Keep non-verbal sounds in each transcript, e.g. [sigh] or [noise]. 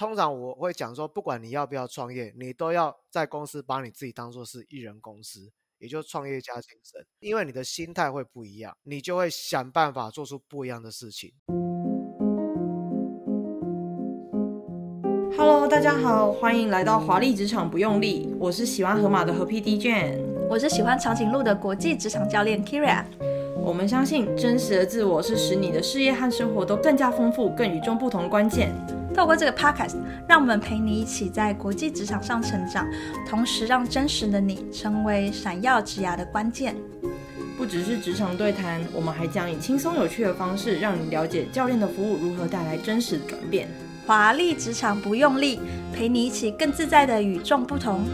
通常我會講說，不管你要不要創業，你都要在公司把你自己當做是一人公司，也就是創業家精神，因為你的心態會不一樣，你就會想辦法做出不一樣的事情。Hello，大家好，歡迎來到華麗職場不用力，我是喜歡河馬的河 PD Jane，我是喜歡長頸鹿的國際職場教練 Kyria。我們相信真實的自我是使你的事業和生活都更加豐富、更與眾不同的關鍵。透過這個 podcast，讓我們陪你一起在國際職場上成長，同時讓真實的你成為閃耀職涯的關鍵。不只是職場對談，我們還將以輕鬆有趣的方式，讓你了解教練的服務如何帶來真實的轉變。華麗職場不用力，陪你一起更自在地與眾不同。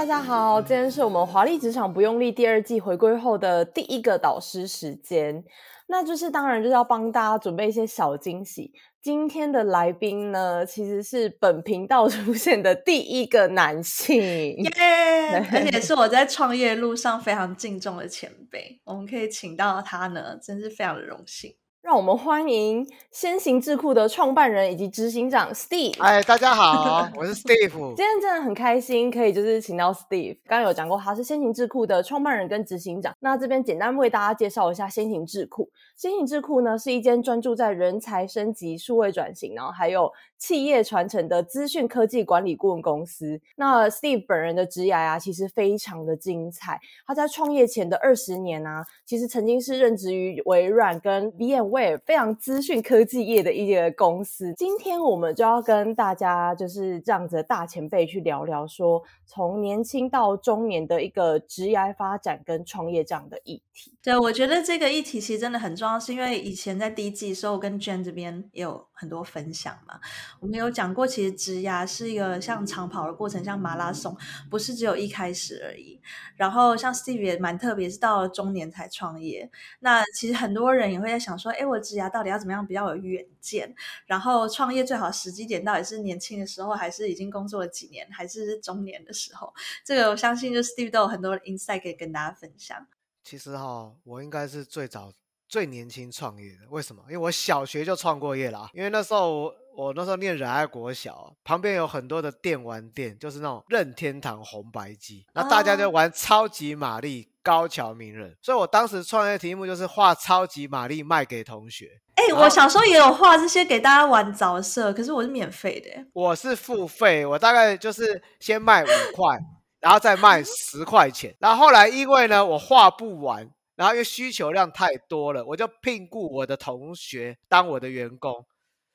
大家好，今天是我們《華麗職場不用力》第二季回歸後的第一個導生時間，那就是當然就是要幫大家準備一些小驚喜。今天的來賓呢，其實是本頻道出現的第一個男性，耶、yeah！ [laughs] 而且是我在創業路上非常敬重的前輩，我們可以請到他呢，真是非常的榮幸。讓我們歡迎先行智庫的創辦人以及執行長 Steve。哎，大家好， [laughs] 我是 Steve。今天真的很開心，可以就是請到 Steve。剛剛有講過他是先行智庫的創辦人跟執行長。那這邊簡單為大家介紹一下先行智庫。先行智庫呢，是一間專注在人才升級、數位轉型，然後還有企業傳承的資訊科技管理顧問公司。那 Steve 本人的職涯啊，其實非常的精彩。他在創業前的二十年啊，其實曾經是任職於微軟跟 VM。我也非常資訊科技業的一個公司，今天我們就要跟大家就是這樣子的大前輩去聊聊說，說從年輕到中年的一個職業發展跟創業這樣的議題。對，我覺得這個議題其實真的很重要，是因為以前在第一季的時候我跟 Jane 這邊也有很多分享嘛，我們有講過，其實職涯是一個像長跑的過程，像馬拉松，不是只有一開始而已。然後像 Steve 也蠻特別，是到了中年才創業。那其實很多人也會在想說，哎，我職涯到底要怎麼樣比較有遠見？然後創業最好時機點到底是年輕的時候，還是已經工作了幾年，還是中年的時候？這個我相信，就 Steve 都有很多 insight 可以跟大家分享。其實哈、哦，我應該是最早最年輕創業的。為什麼？因為我小學就創過業啦、啊。因為那時候我我那時候念仁愛國小、啊，旁邊有很多的電玩店，就是那種任天堂紅白機，那大家就玩超級瑪麗、高橋名人、啊。所以我當時創業的題目就是畫超級瑪麗賣給同學。哎、欸，我小時候也有畫這些給大家玩著色，可是我是免費的。我是付費，我大概就是先賣五塊。 [laughs] 然後再賣十塊錢，然後後來因為呢我畫不完，然後因為需求量太多了，我就聘雇我的同學當我的員工，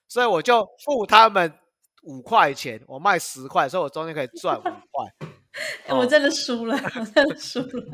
所以我就付他們五塊錢，我賣十塊，所以我中間可以賺五塊。 [laughs] 我真的輸了，我真的輸了。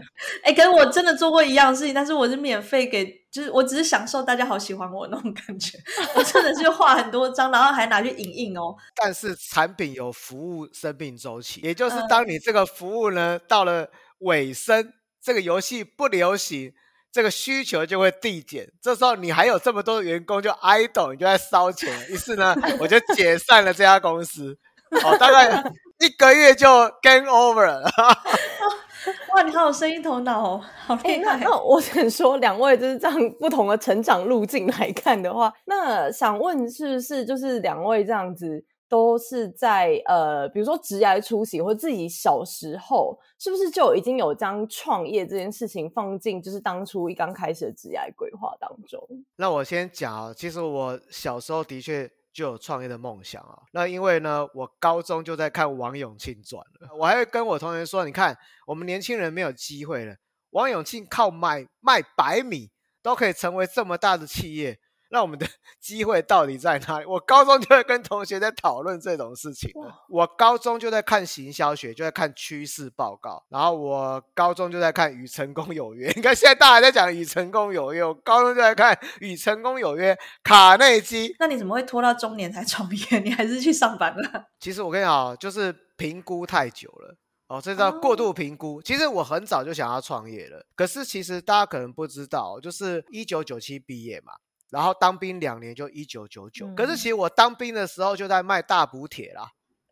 哎、哦，可是、欸、我真的做過一樣事情，但是我是免費給，就是我只是享受大家好喜歡我那種感覺。我真的是畫很多張，然後還拿去影印哦。但是產品有服務生命周期，也就是當你這個服務呢到了尾聲，嗯、這個遊戲不流行，這個需求就會遞減。這時候你還有這麼多員工就 idle，你就在燒錢。於是呢，我就解散了這家公司。好大概。 [laughs] 一個月就 game over 了 [laughs] 。哇，你好有生意頭腦哦，好厲害。欸，那，那我想說，兩位就是這樣不同的成長路徑來看的話，那想問是不是就是兩位這樣子都是在呃，比如說職涯初期或者自己小時候，是不是就已經有將創業這件事情放進就是當初一剛開始的職涯規劃當中？那我先講其實我小時候的確。就有創業的夢想啊、哦！那因為呢，我高中就在看《王永慶傳》了。我還會跟我同學說：“你看，我們年輕人沒有機會了。王永慶靠買賣白米，都可以成為這麼大的企業。”那我們的機會到底在哪裡？我高中就會跟同學在討論這種事情。我高中就在看行銷學，就在看趨勢報告，然後我高中就在看《與成功有約》。你看現在大家在講《與成功有約》，我高中就在看《與成功有約》。卡內基。那你怎麼會拖到中年才創業？你還是去上班了？其實我跟你講，就是評估太久了哦，這叫過度評估。哦。其實我很早就想要創業了，可是其實大家可能不知道，就是一九九七畢業嘛。然後當兵兩年就一九九九，可是其實我當兵的時候就在賣大補帖啦，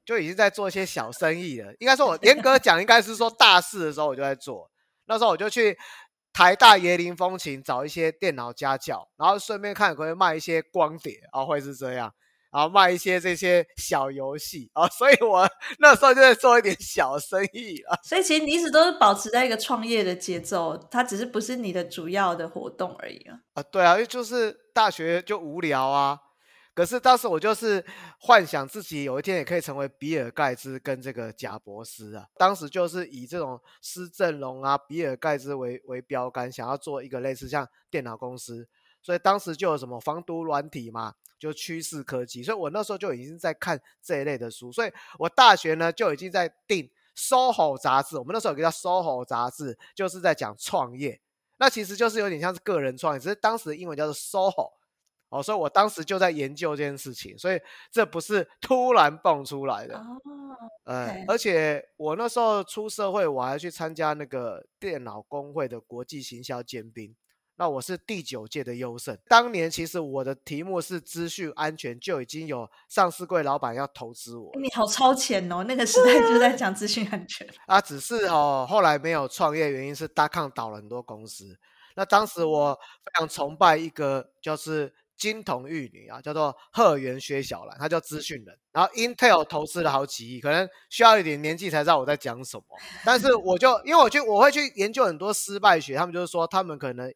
就已經在做一些小生意了。應該說，我嚴格講應該是說大四的時候我就在做， [laughs] 那時候我就去台大椰林風情找一些電腦家教，然後順便看有可不可以賣一些光碟啊、哦，會是這樣。然後賣一些這些小遊戲啊，所以我那時候就在做一點小生意啊。所以其實你一直都是保持在一個創業的節奏，它只是不是你的主要的活動而已啊。啊，對啊，因為就是大學就無聊啊。可是當時我就是幻想自己有一天也可以成為比爾蓋茨跟這個賈伯斯啊。當時就是以這種施正榮啊、比爾蓋茨為為標杆，想要做一個類似像電腦公司，所以當時就有什麼防毒軟體嘛。就趨勢科技，所以我那時候就已經在看這一類的書，所以我大學呢就已經在訂《SOHO》雜誌。我們那時候有個叫《SOHO》雜誌，就是在講創業，那其實就是有點像是個人創業，只是當時的英文叫做 SOHO。哦，所以我當時就在研究這件事情，所以這不是突然蹦出來的。哎、oh, okay. 嗯，而且我那時候出社會，我還去參加那個電腦公會的國際行銷尖兵。那我是第九屆的優勝，當年其實我的題目是資訊安全，就已經有上市櫃老板要投資我，欸。你好超前哦，那個時代就在講資訊安全、嗯、啊，只是哦後來沒有創業，原因是達康倒了很多公司。那當時我非常崇拜一個就是金童玉女啊，叫做賀元薛小蘭，他叫資訊人，然後 Intel 投資了好幾億，可能需要一點年紀才知道我在講什麼。但是我就因為我去我會去研究很多失敗學，他們就是說他們可能。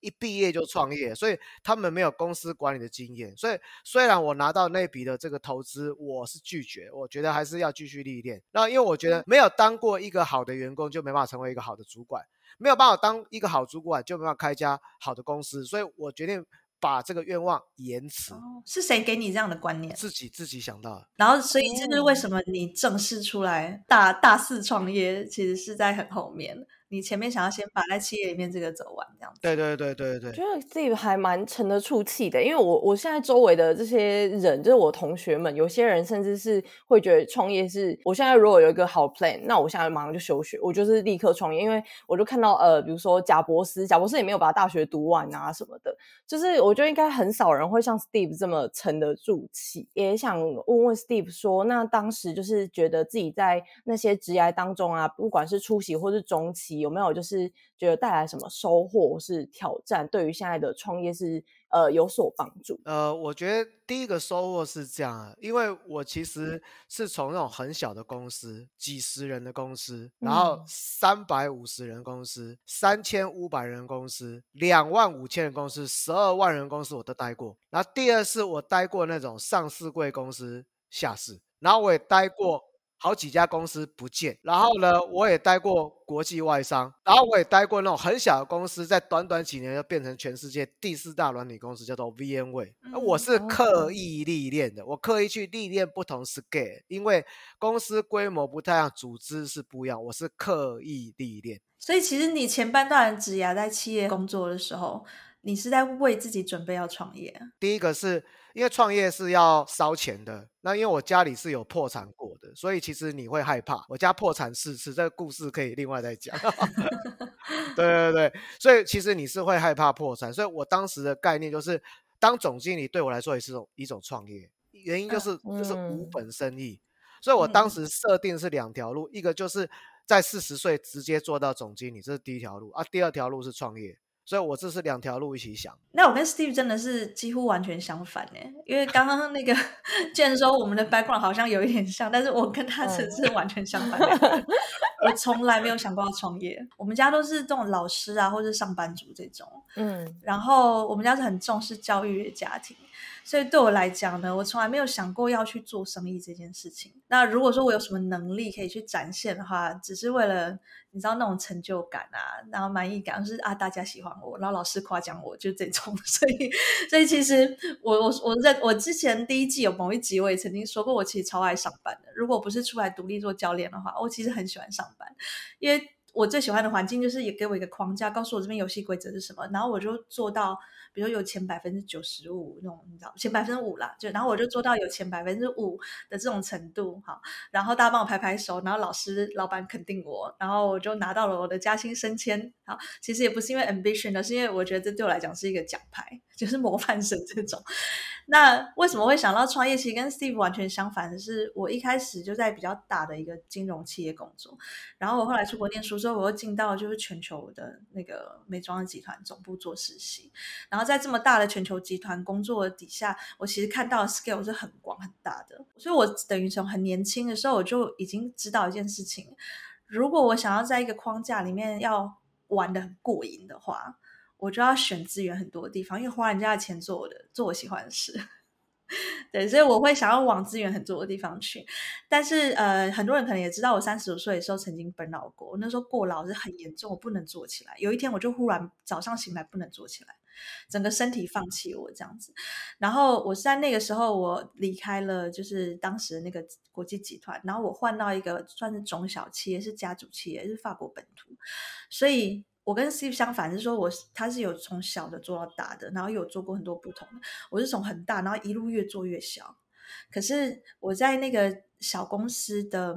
一畢業就創業，所以他們沒有公司管理的經驗。所以雖然我拿到那筆的這個投資，我是拒絕，我覺得還是要繼續歷練。那因為我覺得沒有當過一個好的員工，就沒辦法成為一個好的主管；沒有辦法當一個好主管，就沒辦法開家好的公司。所以，我決定把這個願望延遲。是誰給你這樣的觀念？自己自己想到的。然後，所以這就是為什麼你正式出來大大肆創業，其實是在很後面。你前面想要先把在企業裡面這個走完，這樣子。對對對對對，覺得自己還蠻沉得住氣的，因為我我現在周圍的這些人，就是我同學們，有些人甚至是會覺得創業是，我現在如果有一個好 plan，那我現在馬上就休學，我就是立刻創業，因為我就看到呃，比如說賈伯斯，賈伯斯也沒有把大學讀完啊什麼的，就是我覺得應該很少人會像 Steve 這麼沉得住氣。也想問問 Steve 說，那當時就是覺得自己在那些職涯當中啊，不管是初期或是中期。有沒有就是覺得帶來什麼收穫或是挑戰，對於現在的創業是呃有所幫助？呃，我覺得第一個收穫是這樣，啊，因為我其實是從那種很小的公司，幾十人的公司，然後三百五十人公司，嗯，三千五百人公司，兩萬五千人公司，十二萬人公司我都待過。然後第二是，我待過那種上市櫃公司，下市，然後我也待過，嗯。好幾家公司不見，然後呢，我也待過國際外商，然後我也待過那種很小的公司，在短短幾年就變成全世界第四大軟體公司，叫做 VMware、嗯、我是刻意歷練的、哦，我刻意去歷練不同 scale，因為公司規模不太一樣，組織是不一樣。我是刻意歷練，所以其實你前半段的職涯，在企業工作的時候，你是在為自己準備要創業。第一個是。因為創業是要燒錢的，那因為我家裡是有破產過的，所以其實你會害怕。我家破產四次，這個故事可以另外再講。 [laughs] 對對對，所以其實你是會害怕破產。所以我當時的概念就是，當總經理對我來說也是種一種創業，原因就是、啊嗯、就是無本生意。所以我當時設定是兩條路，嗯、一個就是在四十歲直接做到總經理，這是第一條路啊；第二條路是創業。所以我這是兩條路一起想。那我跟 Steve 真的是幾乎完全相反哎、欸，因為剛剛那個， [laughs] 既然說我們的 background 好像有一點像，但是我跟他則是完全相反。嗯、 [laughs] 我從來沒有想過要創業， [laughs] 我們家都是這種老師啊或者上班族這種。嗯，然後我們家是很重視教育的家庭。所以對我來講呢，我從來沒有想過要去做生意這件事情。那如果說我有什麼能力可以去展現的話，只是為了你知道那種成就感啊，然後滿意感，就是啊大家喜歡我，然後老師誇獎我，就這種。所以，所以其實我我我在我之前第一季有某一集，我也曾經說過，我其實超愛上班的。如果不是出來獨立做教練的話，我其實很喜歡上班，因為我最喜歡的環境就是也給我一個框架，告訴我這邊遊戲規則是什麼，然後我就做到。比如有前百分之九十五那種，你知道，前百分之五啦，就然後我就做到有前百分之五的這種程度，哈，然後大家幫我拍拍手，然後老師、老闆肯定我，然後我就拿到了我的加薪、升遷，好，其實也不是因為 ambition，而是因為我覺得這對我來講是一個獎牌。就是模範生這種，那為什麼會想到創業？其實跟 Steve 完全相反的是，是我一開始就在比較大的一個金融企業工作，然後我後來出國念書之後，我又進到就是全球的那個美妝集團總部做實習，然後在這麼大的全球集團工作底下，我其實看到的 scale 是很廣很大的，所以我等於從很年輕的時候，我就已經知道一件事情：如果我想要在一個框架裡面要玩得很過癮的話。我就要選資源很多的地方，因為花人家的錢做我的，做我喜歡的事，對，所以我會想要往資源很多的地方去。但是，呃，很多人可能也知道，我三十五歲的時候曾經本勞過，那時候過勞是很嚴重，我不能坐起來。有一天，我就忽然早上醒來不能坐起來，整個身體放棄我這樣子。然後，我是在那個時候我離開了，就是當時那個國際集團，然後我換到一個算是中小企業，是家族企業，是法國本土，所以。我跟 Steve 相反是說我，我他是有從小的做到大的，然後有做過很多不同的。我是從很大，然後一路越做越小。可是我在那個小公司的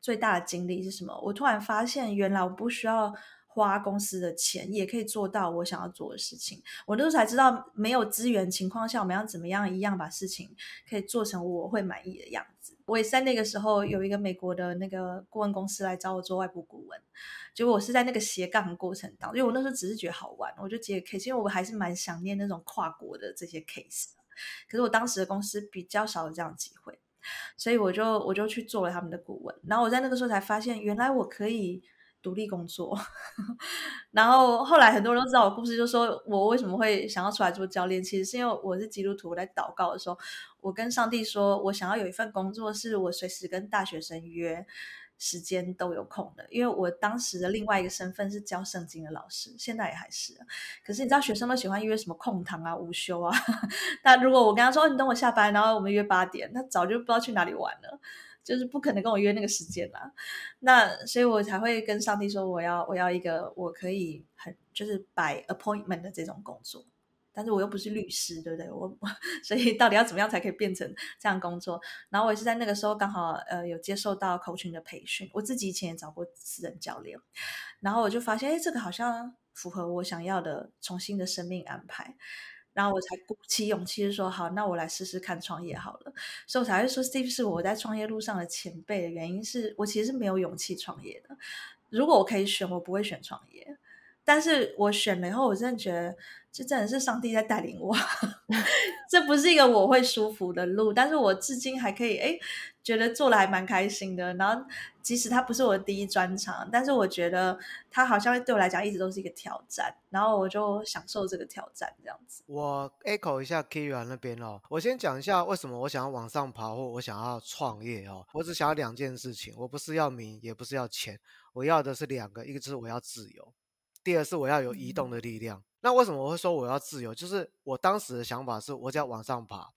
最大的經歷是什麼？我突然發現，原來我不需要。花公司的錢也可以做到我想要做的事情。我那時候才知道，沒有資源情況下，我們要怎麼樣一樣把事情可以做成我會滿意的樣子。我也是在那個時候有一個美國的那個顧問公司來找我做外部顧問，結果我是在那個斜槓的過程當中，因為我那時候只是覺得好玩，我就接 case，因為我還是蠻想念那種跨國的這些 case。可是我當時的公司比較少有這樣的機會，所以我就我就去做了他們的顧問。然後我在那個時候才發現，原來我可以。獨立工作， [laughs] 然後後來很多人都知道我故事，就說我為什麼會想要出來做教練，其實是因為我是基督徒，我在禱告的時候，我跟上帝說，我想要有一份工作，是我隨時跟大學生約時間都有空的，因為我當時的另外一個身份是教聖經的老師，現在也還是。可是你知道學生都喜歡約什麼空堂啊、午休啊， [laughs] 那如果我跟他說你等我下班，然後我們約八點，他早就不知道去哪裡玩了。就是不可能跟我約那個時間啦，那所以我才會跟上帝說，我要我要一個我可以很就是 by appointment 的這種工作，但是我又不是律師，對不對？我我所以到底要怎麼樣才可以變成這樣工作？然後我也是在那個時候剛好呃有接受到 coaching 的培訓，我自己以前也找過私人教練，然後我就發現，哎，這個好像符合我想要的重新的生命安排。然後我才鼓起勇氣就說：“好，那我來試試看創業好了。”所以我才會說，Steve 是我在創業路上的前輩的原因是，我其實是沒有勇氣創業的。如果我可以選，我不會選創業。但是我選了以後，我真的覺得，這真的是上帝在帶領我。 [laughs] 這不是一個我會舒服的路，但是我至今還可以哎。誒覺得做得還蠻開心的，然後即使它不是我的第一專長，但是我覺得它好像對我來講一直都是一個挑戰，然後我就享受這個挑戰這樣子。我 echo 一下 Kyria 那邊哦，我先講一下為什麼我想要往上爬，或我想要創業哦，我只想要兩件事情，我不是要名，也不是要錢，我要的是兩個，一個就是我要自由，第二是我要有移動的力量，嗯。那為什麼我會說我要自由？就是我當時的想法是，我只要往上爬。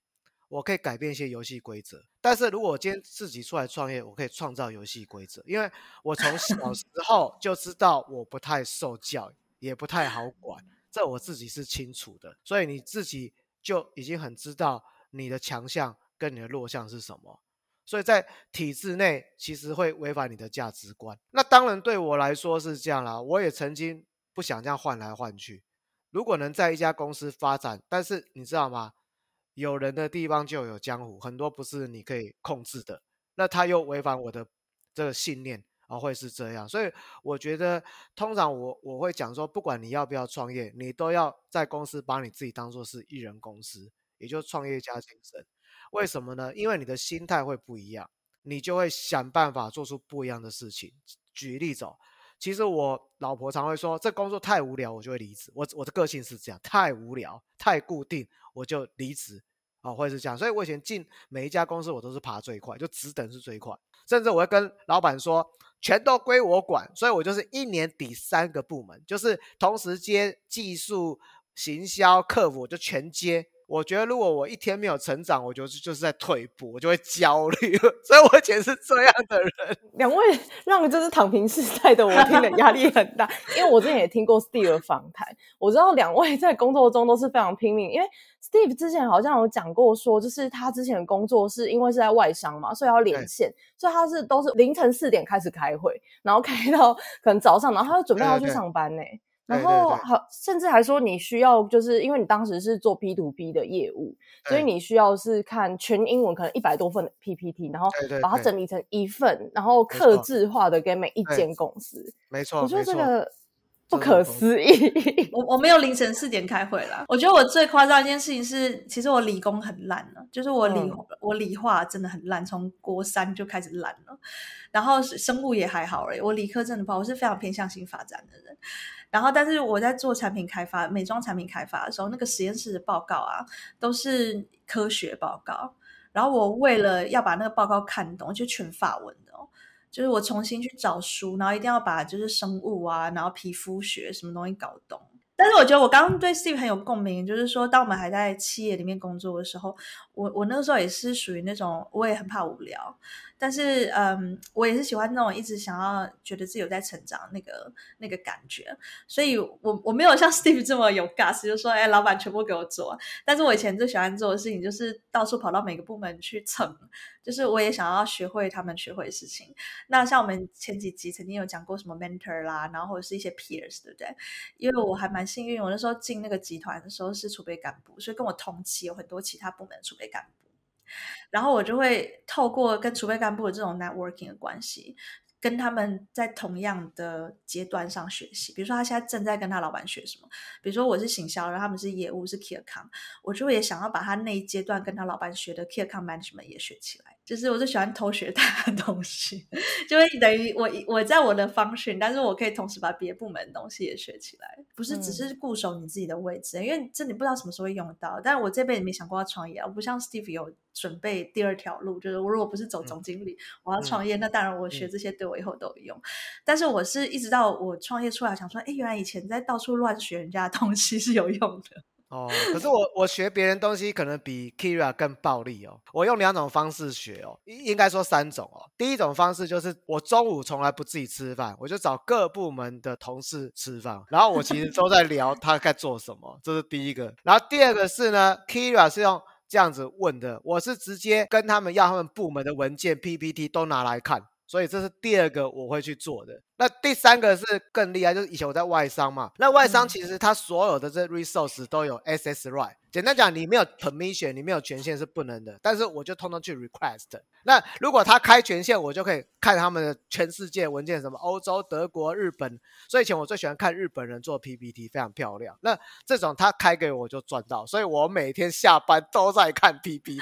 我可以改變一些遊戲規則，但是如果我今天自己出來創業，我可以創造遊戲規則，因為我從小時候就知道我不太受教，也不太好管，這我自己是清楚的。所以你自己就已經很知道你的強項跟你的弱項是什麼，所以在體制內其實會違反你的價值觀。那當然對我來說是這樣啦，我也曾經不想這樣換來換去。如果能在一家公司發展，但是你知道嗎？有人的地方就有江湖，很多不是你可以控制的。那他又違反我的這個信念啊，會是這樣。所以我覺得，通常我我會講說，不管你要不要創業，你都要在公司把你自己當做是一人公司，也就是創業家精神。為什麼呢？因為你的心態會不一樣，你就會想辦法做出不一樣的事情。舉例子。其實我老婆常會說，這工作太無聊，我就會離職。我我的個性是這樣，太無聊、太固定，我就離職啊、哦，會是這樣。所以，我以前進每一家公司，我都是爬最快，就職等是最快。甚至我會跟老板說，全都歸我管。所以我就是一年抵三個部門，就是同時接技術、行銷、客服，我就全接。我覺得如果我一天沒有成長，我覺得就是在退步，我就會焦慮。所以我以前是這樣的人。兩 [laughs] 位讓就是躺平時代的我聽的壓力很大， [laughs] 因為我之前也聽過 Steve 的訪談，我知道兩位在工作中都是非常拼命。因為 Steve 之前好像有講過說，就是他之前工作是因為是在外商嘛，所以要連線，所以他是都是凌晨四點開始開會，然後開到可能早上，然後他就準備要去上班呢、欸。然後好，甚至還說你需要，就是因為你當時是做 P to B 的業務，所以你需要是看全英文，可能一百多份的 PPT，對對對，然後把它整理成一份，然後客製化的給每一間公司。沒錯，我覺得這個不可思議。我我沒有凌晨四點開會啦，我覺得我最誇張的一件事情是，其實我理工很爛了、啊，就是我理、嗯、我理化真的很爛，從國三就開始爛了。然後生物也還好哎、欸，我理科真的不好，我是非常偏向性發展的人。然後，但是我在做產品開發，美妝產品開發的時候，那個實驗室的報告啊，都是科學報告。然後我為了要把那個報告看懂，就全法文的哦，就是我重新去找書，然後一定要把就是生物啊，然後皮膚學什麼東西搞懂。但是我覺得我剛剛對 Steve 很有共鳴，就是說當我們還在企業裡面工作的時候，我我那個時候也是屬於那種，我也很怕無聊。但是，嗯，我也是喜歡那種一直想要覺得自己有在成長那個那個感覺，所以我我沒有像 Steve 這麼有 guts，就說，哎，老闆全部給我做。但是我以前最喜歡做的事情就是到處跑到每個部門去蹭，就是我也想要學會他們學會的事情。那像我們前幾集曾經有講過什麼 mentor 啦，然後或者是一些 peers，對不對？因為我還蠻幸運，我那時候進那個集團的時候是儲備幹部，所以跟我同期有很多其他部門儲備幹部。然後我就會透過跟儲備幹部的這種 networking 的關係，跟他們在同樣的階段上學習。比如說，他現在正在跟他老板學什麼？比如說，我是行銷人，然後他們是業務是 key account，我就會也想要把他那一階段跟他老板學的 key account management 也學起來。就是我就喜歡偷學他的東西， [laughs] 就會等於我我在我的 function，但是我可以同時把別的部門的東西也學起來，不是只是固守你自己的位置。嗯，因為這你不知道什麼時候會用到。但是我這輩子沒想過要創業，我不像 Steve 有準備第二條路，就是我如果不是走總經理，嗯，我要創業，那當然我學這些對我以後都有用，嗯。但是我是一直到我創業出來，想說，哎，原來以前在到處亂學人家的東西是有用的。哦，可是我我學別人東西可能比 Kyria 更暴力哦。我用兩種方式學哦，應該說三種哦。第一種方式就是我中午從來不自己吃飯，我就找各部門的同事吃飯，然後我其實都在聊他該做什麼， [laughs] 這是第一個。然後第二個是呢，Kyria 是用這樣子問的，我是直接跟他們要他們部門的文件、PPT 都拿來看，所以這是第二個我會去做的。那第三個是更厲害，就是以前我在外商嘛，那外商其實他所有的這 resource 都有 access right。簡單講，你沒有 permission，你沒有權限是不能的。但是我就通通去 request。那如果他開權限，我就可以看他們的全世界文件，什麼歐洲、德國、日本。所以以前我最喜歡看日本人做 PPT，非常漂亮。那這種他開給我就賺到，所以我每天下班都在看 PPT。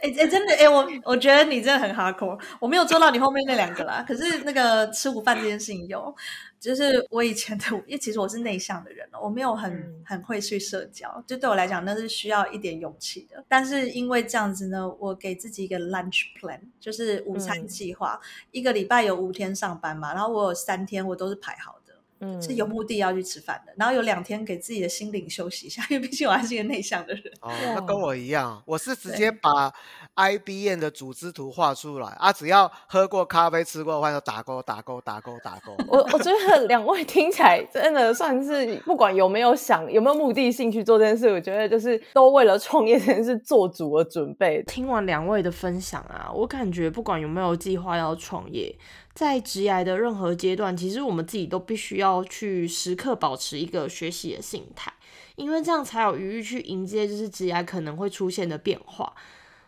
哎哎，真的哎，我我覺得你真的很 hardcore。我沒有做到你後面那兩個啦，可是那個吃午飯的。 [laughs] 自信有，就是我以前的，因為其實我是內向的人，我沒有很、嗯、很會去社交，就對我來講那是需要一點勇氣的。但是因為這樣子呢，我給自己一個 lunch plan，就是午餐計劃，嗯、一個禮拜有五天上班嘛，然後我有三天我都是排好的。嗯、是有目的要去吃飯的，然後有兩天給自己的心靈休息一下，因為畢竟我還是一個內向的人。哦，那跟我一樣，我是直接把 IBM 的組織圖畫出來啊，只要喝過咖啡、吃過飯就打勾，打勾，打勾，打勾。我我覺得兩位聽起來真的算是不管有沒有想 [laughs] 有沒有目的性去做這件事，我覺得就是都為了創業這件事做足了準備。聽完兩位的分享啊，我感覺不管有沒有計劃要創業，在職涯的任何階段，其實我們自己都必須要去時刻保持一個學習的心態，因為這樣才有餘裕去迎接就是職涯可能會出現的變化。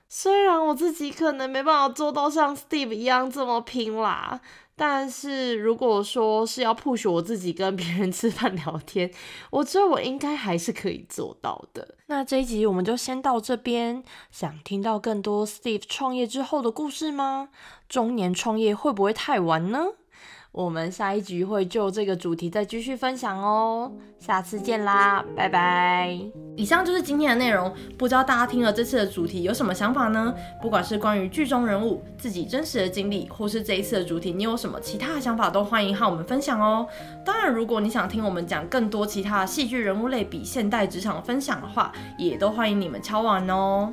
雖然我自己可能沒辦法做到像 Steve 一樣這麼拼啦，但是如果說是要 push 我自己跟別人吃飯聊天，我覺得我應該還是可以做到的。那這一集我們就先到這邊。想聽到更多 Steve 創業之後的故事嗎？中年創業會不會太晚呢？我們下一集會就這個主題再繼續分享哦，下次見啦，拜拜！以上就是今天的內容，不知道大家聽了這次的主題有什麼想法呢？不管是關於劇中人物、自己真實的經歷，或是這一次的主題，你有什麼其他的想法都歡迎和我們分享哦。當然，如果你想聽我們講更多其他的戲劇人物類比現代職場分享的話，也都歡迎你們敲碗哦。